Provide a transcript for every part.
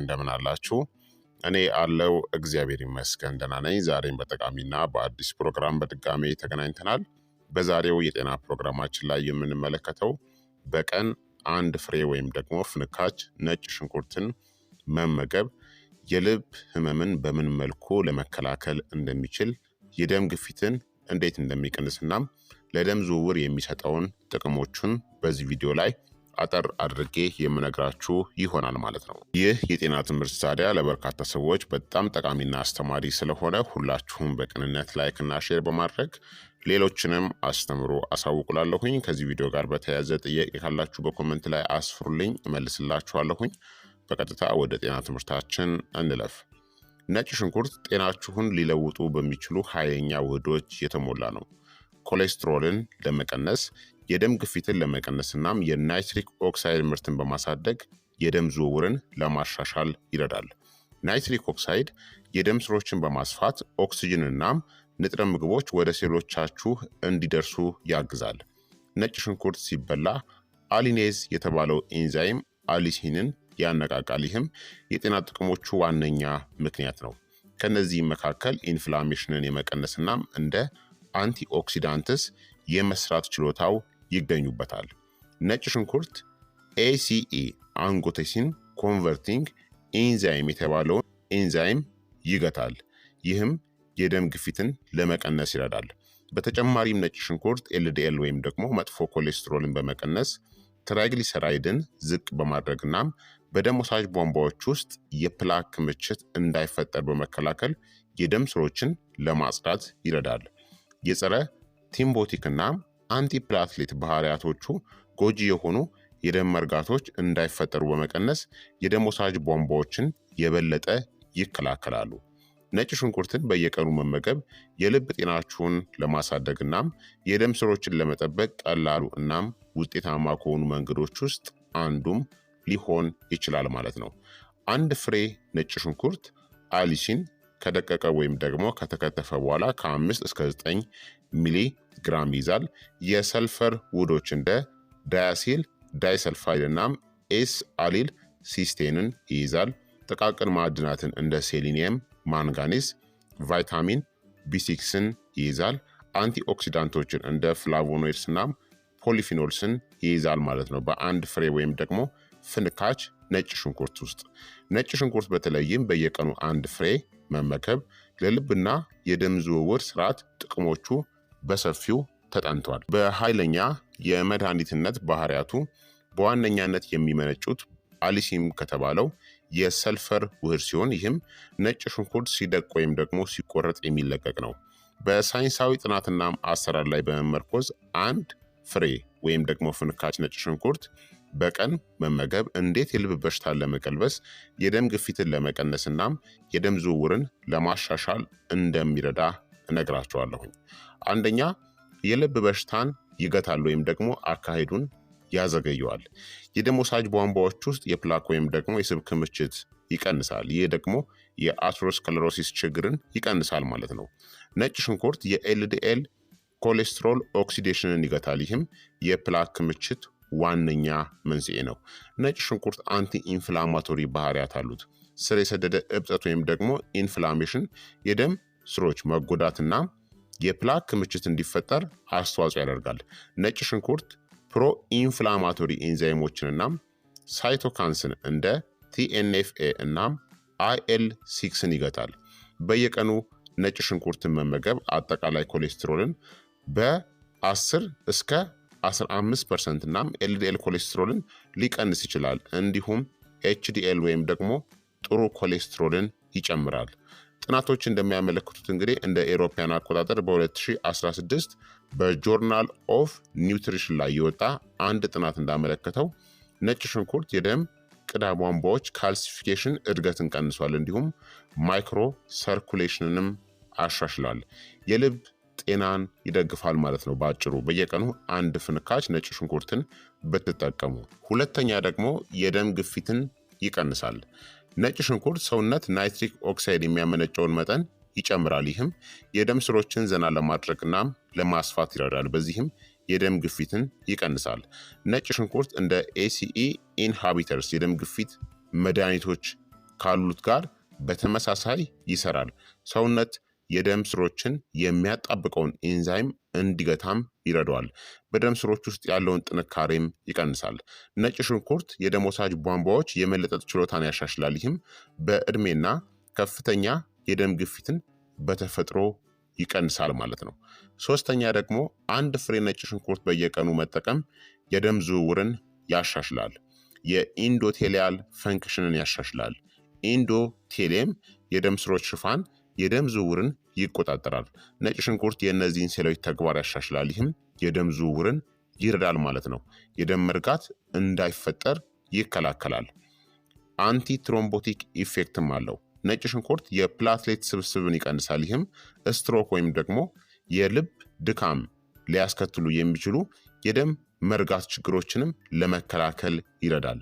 እንደምን አላችሁ? እኔ አለው እግዚአብሔር ይመስገን ደህና ነኝ። ዛሬም በጠቃሚና በአዲስ ፕሮግራም በድጋሜ ተገናኝተናል። በዛሬው የጤና ፕሮግራማችን ላይ የምንመለከተው በቀን አንድ ፍሬ ወይም ደግሞ ፍንካች ነጭ ሽንኩርትን መመገብ የልብ ህመምን በምን መልኩ ለመከላከል እንደሚችል የደም ግፊትን እንዴት እንደሚቀንስናም ለደም ዝውውር የሚሰጠውን ጥቅሞቹን በዚህ ቪዲዮ ላይ አጠር አድርጌ የምነግራችሁ ይሆናል ማለት ነው። ይህ የጤና ትምህርት ታዲያ ለበርካታ ሰዎች በጣም ጠቃሚና አስተማሪ ስለሆነ ሁላችሁም በቅንነት ላይክና ሼር በማድረግ ሌሎችንም አስተምሮ አሳውቁላለሁኝ። ከዚህ ቪዲዮ ጋር በተያያዘ ጥያቄ ካላችሁ በኮመንት ላይ አስፍሩልኝ፣ እመልስላችኋለሁኝ። በቀጥታ ወደ ጤና ትምህርታችን እንለፍ። ነጭ ሽንኩርት ጤናችሁን ሊለውጡ በሚችሉ ኃይለኛ ውህዶች የተሞላ ነው። ኮሌስትሮልን ለመቀነስ፣ የደም ግፊትን ለመቀነስ እናም የናይትሪክ ኦክሳይድ ምርትን በማሳደግ የደም ዝውውርን ለማሻሻል ይረዳል። ናይትሪክ ኦክሳይድ የደም ስሮችን በማስፋት ኦክስጅን እናም ንጥረ ምግቦች ወደ ሴሎቻችሁ እንዲደርሱ ያግዛል። ነጭ ሽንኩርት ሲበላ አሊኔዝ የተባለው ኤንዛይም አሊሲንን ያነቃቃል። ይህም የጤና ጥቅሞቹ ዋነኛ ምክንያት ነው። ከነዚህም መካከል ኢንፍላሜሽንን የመቀነስናም እንደ አንቲኦክሲዳንትስ የመስራት ችሎታው ይገኙበታል። ነጭ ሽንኩርት ኤሲኢ e አንጎቴሲን ኮንቨርቲንግ ኤንዛይም የተባለውን ኤንዛይም ይገታል። ይህም የደም ግፊትን ለመቀነስ ይረዳል። በተጨማሪም ነጭ ሽንኩርት ኤልዲኤል ወይም ደግሞ መጥፎ ኮሌስትሮልን በመቀነስ ትራይግሊሰራይድን ዝቅ በማድረግ እናም በደም ወሳጅ ቧንቧዎች ውስጥ የፕላክ ክምችት እንዳይፈጠር በመከላከል የደም ስሮችን ለማጽዳት ይረዳል። የጸረ ቲምቦቲክ እናም አንቲፕላትሌት ባህሪያቶቹ ጎጂ የሆኑ የደም መርጋቶች እንዳይፈጠሩ በመቀነስ የደም ወሳጅ ቧንቧዎችን የበለጠ ይከላከላሉ። ነጭ ሽንኩርትን በየቀኑ መመገብ የልብ ጤናችሁን ለማሳደግ እናም የደም ስሮችን ለመጠበቅ ቀላሉ እናም ውጤታማ ከሆኑ መንገዶች ውስጥ አንዱም ሊሆን ይችላል ማለት ነው። አንድ ፍሬ ነጭ ሽንኩርት አሊሲን ከደቀቀ ወይም ደግሞ ከተከተፈ በኋላ ከአምስት እስከ 9 ሚሊ ግራም ይይዛል። የሰልፈር ውዶች እንደ ዳያሲል፣ ዳይሰልፋይድ እናም ኤስ አሊል ሲስቴንን ይይዛል። ጥቃቅን ማዕድናትን እንደ ሴሊኒየም፣ ማንጋኒስ ቫይታሚን ቢሲክስን ይይዛል። አንቲኦክሲዳንቶችን እንደ ፍላቮኖይድስ እናም ፖሊፊኖልስን ይይዛል ማለት ነው። በአንድ ፍሬ ወይም ደግሞ ፍንካች ነጭ ሽንኩርት ውስጥ ነጭ ሽንኩርት በተለይም በየቀኑ አንድ ፍሬ መመከብ ለልብና የደም ዝውውር ስርዓት ጥቅሞቹ በሰፊው ተጠንቷል። በኃይለኛ የመድኃኒትነት ባህሪያቱ በዋነኛነት የሚመነጩት አሊሲም ከተባለው የሰልፈር ውህድ ሲሆን ይህም ነጭ ሽንኩርት ሲደቅ ወይም ደግሞ ሲቆረጥ የሚለቀቅ ነው። በሳይንሳዊ ጥናትና አሰራር ላይ በመመርኮዝ አንድ ፍሬ ወይም ደግሞ ፍንካች ነጭ ሽንኩርት በቀን መመገብ እንዴት የልብ በሽታን ለመቀልበስ የደም ግፊትን ለመቀነስ እናም የደም ዝውውርን ለማሻሻል እንደሚረዳ እነግራቸዋለሁኝ። አንደኛ የልብ በሽታን ይገታል ወይም ደግሞ አካሄዱን ያዘገየዋል። የደም ወሳጅ ቧንቧዎች ውስጥ የፕላክ ወይም ደግሞ የስብ ክምችት ይቀንሳል። ይህ ደግሞ የአትሮስክለሮሲስ ችግርን ይቀንሳል ማለት ነው። ነጭ ሽንኩርት የኤልዲኤል ኮሌስትሮል ኦክሲዴሽንን ይገታል። ይህም የፕላክ ክምችት ዋነኛ መንስኤ ነው። ነጭ ሽንኩርት አንቲ ኢንፍላማቶሪ ባህሪያት አሉት። ስር የሰደደ እብጠት ወይም ደግሞ ኢንፍላሜሽን የደም ስሮች መጎዳትና የፕላክ ክምችት እንዲፈጠር አስተዋጽኦ ያደርጋል። ነጭ ሽንኩርት ፕሮ ኢንፍላማቶሪ ኤንዛይሞችንና ሳይቶካንስን እንደ ቲኤንኤፍኤ እናም አይኤል ሲክስን ይገታል። በየቀኑ ነጭ ሽንኩርትን መመገብ አጠቃላይ ኮሌስትሮልን በ10 እስከ 15 ፐርሰንት እናም ኤልዲኤል ኮሌስትሮልን ሊቀንስ ይችላል። እንዲሁም ኤችዲኤል ወይም ደግሞ ጥሩ ኮሌስትሮልን ይጨምራል። ጥናቶች እንደሚያመለክቱት እንግዲህ እንደ ኤሮፓያን አቆጣጠር በ2016 በጆርናል ኦፍ ኒውትሪሽን ላይ የወጣ አንድ ጥናት እንዳመለከተው ነጭ ሽንኩርት የደም ቅዳ ቧንቧዎች ካልሲፊኬሽን እድገትን ቀንሷል፣ እንዲሁም ማይክሮ ሰርኩሌሽንንም አሻሽሏል። የልብ ጤናን ይደግፋል ማለት ነው። በአጭሩ በየቀኑ አንድ ፍንካች ነጭ ሽንኩርትን ብትጠቀሙ። ሁለተኛ ደግሞ የደም ግፊትን ይቀንሳል። ነጭ ሽንኩርት ሰውነት ናይትሪክ ኦክሳይድ የሚያመነጨውን መጠን ይጨምራል። ይህም የደም ስሮችን ዘና ለማድረግና ለማስፋት ይረዳል። በዚህም የደም ግፊትን ይቀንሳል። ነጭ ሽንኩርት እንደ ኤሲኢ ኢንሃቢተርስ e የደም ግፊት መድኃኒቶች ካሉት ጋር በተመሳሳይ ይሰራል። ሰውነት የደም ስሮችን የሚያጣብቀውን ኤንዛይም እንዲገታም ይረዳዋል። በደም ስሮች ውስጥ ያለውን ጥንካሬም ይቀንሳል። ነጭ ሽንኩርት የደም ወሳጅ ቧንቧዎች የመለጠጥ ችሎታን ያሻሽላል። ይህም በዕድሜና ከፍተኛ የደም ግፊትን በተፈጥሮ ይቀንሳል ማለት ነው። ሶስተኛ ደግሞ አንድ ፍሬ ነጭ ሽንኩርት በየቀኑ መጠቀም የደም ዝውውርን ያሻሽላል። የኢንዶቴሊያል ፈንክሽንን ያሻሽላል። ኢንዶቴሌም የደም ስሮች ሽፋን የደም ዝውውርን ይቆጣጠራል። ነጭ ሽንኩርት የእነዚህን ሴሎች ተግባር ያሻሽላል፣ ይህም የደም ዝውውርን ይረዳል ማለት ነው። የደም መርጋት እንዳይፈጠር ይከላከላል። አንቲ ትሮምቦቲክ ኢፌክትም አለው። ነጭ ሽንኩርት የፕላትሌት ስብስብን ይቀንሳል፣ ይህም ስትሮክ ወይም ደግሞ የልብ ድካም ሊያስከትሉ የሚችሉ የደም መርጋት ችግሮችንም ለመከላከል ይረዳል።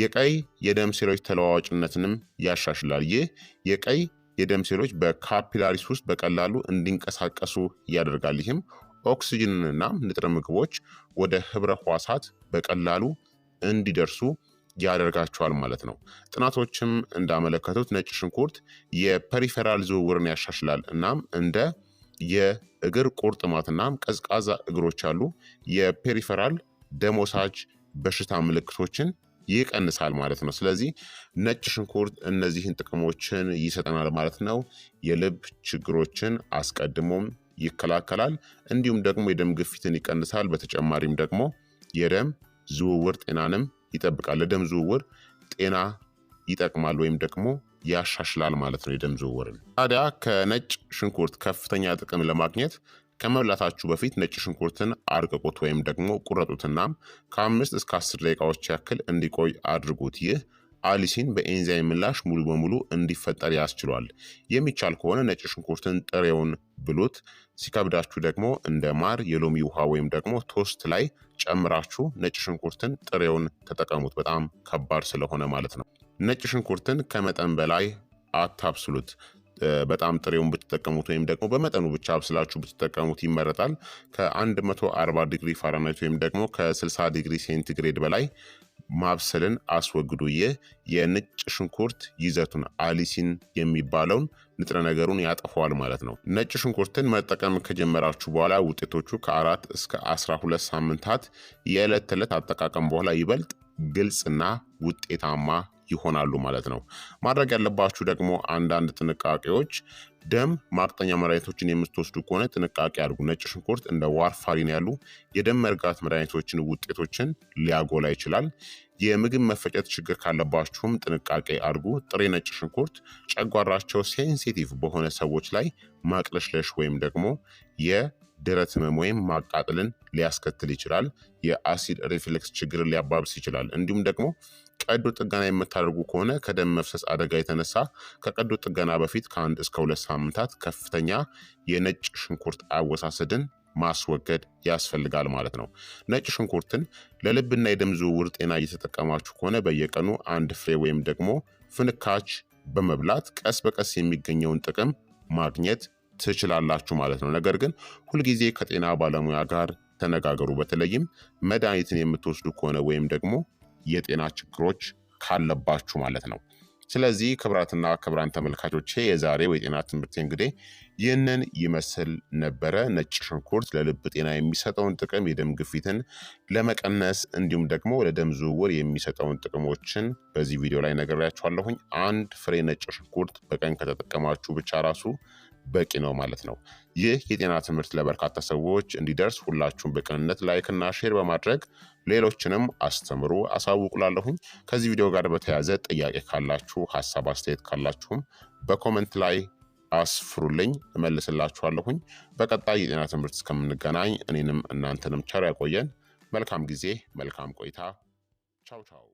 የቀይ የደም ሴሎች ተለዋዋጭነትንም ያሻሽላል። ይህ የቀይ የደም ሴሎች በካፒላሪስ ውስጥ በቀላሉ እንዲንቀሳቀሱ ያደርጋል። ይህም ኦክሲጅንንና ንጥረ ምግቦች ወደ ህብረ ህዋሳት በቀላሉ እንዲደርሱ ያደርጋቸዋል ማለት ነው። ጥናቶችም እንዳመለከቱት ነጭ ሽንኩርት የፐሪፌራል ዝውውርን ያሻሽላል። እናም እንደ የእግር ቁርጥማትና ቀዝቃዛ እግሮች ያሉ የፔሪፌራል ደም ወሳጅ በሽታ ምልክቶችን ይቀንሳል ማለት ነው። ስለዚህ ነጭ ሽንኩርት እነዚህን ጥቅሞችን ይሰጠናል ማለት ነው። የልብ ችግሮችን አስቀድሞም ይከላከላል፣ እንዲሁም ደግሞ የደም ግፊትን ይቀንሳል። በተጨማሪም ደግሞ የደም ዝውውር ጤናንም ይጠብቃል። ለደም ዝውውር ጤና ይጠቅማል ወይም ደግሞ ያሻሽላል ማለት ነው የደም ዝውውርን። ታዲያ ከነጭ ሽንኩርት ከፍተኛ ጥቅም ለማግኘት ከመብላታችሁ በፊት ነጭ ሽንኩርትን አርቅቁት ወይም ደግሞ ቁረጡትና ከአምስት እስከ አስር ደቂቃዎች ያክል እንዲቆይ አድርጉት። ይህ አሊሲን በኤንዛይም ምላሽ ሙሉ በሙሉ እንዲፈጠር ያስችሏል። የሚቻል ከሆነ ነጭ ሽንኩርትን ጥሬውን ብሉት። ሲከብዳችሁ ደግሞ እንደ ማር፣ የሎሚ ውሃ ወይም ደግሞ ቶስት ላይ ጨምራችሁ ነጭ ሽንኩርትን ጥሬውን ተጠቀሙት። በጣም ከባድ ስለሆነ ማለት ነው። ነጭ ሽንኩርትን ከመጠን በላይ አታብስሉት። በጣም ጥሬውን ብትጠቀሙት ወይም ደግሞ በመጠኑ ብቻ አብስላችሁ ብትጠቀሙት ይመረጣል። ከ140 ዲግሪ ፋራናይት ወይም ደግሞ ከ60 ዲግሪ ሴንቲግሬድ በላይ ማብሰልን አስወግዱ። ይህ የነጭ ሽንኩርት ይዘቱን አሊሲን የሚባለውን ንጥረ ነገሩን ያጠፈዋል ማለት ነው። ነጭ ሽንኩርትን መጠቀም ከጀመራችሁ በኋላ ውጤቶቹ ከአራት እስከ 12 ሳምንታት የዕለት ተዕለት አጠቃቀም በኋላ ይበልጥ ግልጽና ውጤታማ ይሆናሉ ማለት ነው። ማድረግ ያለባችሁ ደግሞ አንዳንድ ጥንቃቄዎች ደም ማቅጠኛ መድኃኒቶችን የምትወስዱ ከሆነ ጥንቃቄ አድርጉ። ነጭ ሽንኩርት እንደ ዋርፋሪን ያሉ የደም መርጋት መድኃኒቶችን ውጤቶችን ሊያጎላ ይችላል። የምግብ መፈጨት ችግር ካለባችሁም ጥንቃቄ አድርጉ። ጥሬ ነጭ ሽንኩርት ጨጓራቸው ሴንሲቲቭ በሆነ ሰዎች ላይ ማቅለሽለሽ ወይም ደግሞ ደረት ህመም ወይም ማቃጠልን ሊያስከትል ይችላል። የአሲድ ሪፍሌክስ ችግርን ሊያባብስ ይችላል። እንዲሁም ደግሞ ቀዶ ጥገና የምታደርጉ ከሆነ ከደም መፍሰስ አደጋ የተነሳ ከቀዶ ጥገና በፊት ከአንድ እስከ ሁለት ሳምንታት ከፍተኛ የነጭ ሽንኩርት አወሳሰድን ማስወገድ ያስፈልጋል ማለት ነው። ነጭ ሽንኩርትን ለልብና የደም ዝውውር ጤና እየተጠቀማችሁ ከሆነ በየቀኑ አንድ ፍሬ ወይም ደግሞ ፍንካች በመብላት ቀስ በቀስ የሚገኘውን ጥቅም ማግኘት ትችላላችሁ ማለት ነው። ነገር ግን ሁልጊዜ ከጤና ባለሙያ ጋር ተነጋገሩ። በተለይም መድኃኒትን የምትወስዱ ከሆነ ወይም ደግሞ የጤና ችግሮች ካለባችሁ ማለት ነው። ስለዚህ ክብራትና ክብራን ተመልካቾች የዛሬው የጤና ትምህርት እንግዲህ ይህንን ይመስል ነበረ። ነጭ ሽንኩርት ለልብ ጤና የሚሰጠውን ጥቅም፣ የደም ግፊትን ለመቀነስ እንዲሁም ደግሞ ለደም ዝውውር የሚሰጠውን ጥቅሞችን በዚህ ቪዲዮ ላይ ነግሬያችኋለሁኝ። አንድ ፍሬ ነጭ ሽንኩርት በቀን ከተጠቀማችሁ ብቻ ራሱ በቂ ነው ማለት ነው። ይህ የጤና ትምህርት ለበርካታ ሰዎች እንዲደርስ ሁላችሁም በቅንነት ላይክና ሼር በማድረግ ሌሎችንም አስተምሩ፣ አሳውቁላለሁኝ። ከዚህ ቪዲዮ ጋር በተያያዘ ጥያቄ ካላችሁ፣ ሀሳብ አስተያየት ካላችሁም በኮመንት ላይ አስፍሩልኝ፣ እመልስላችኋለሁኝ። በቀጣይ የጤና ትምህርት እስከምንገናኝ እኔንም እናንተንም ቸር ያቆየን። መልካም ጊዜ፣ መልካም ቆይታ። ቻው ቻው።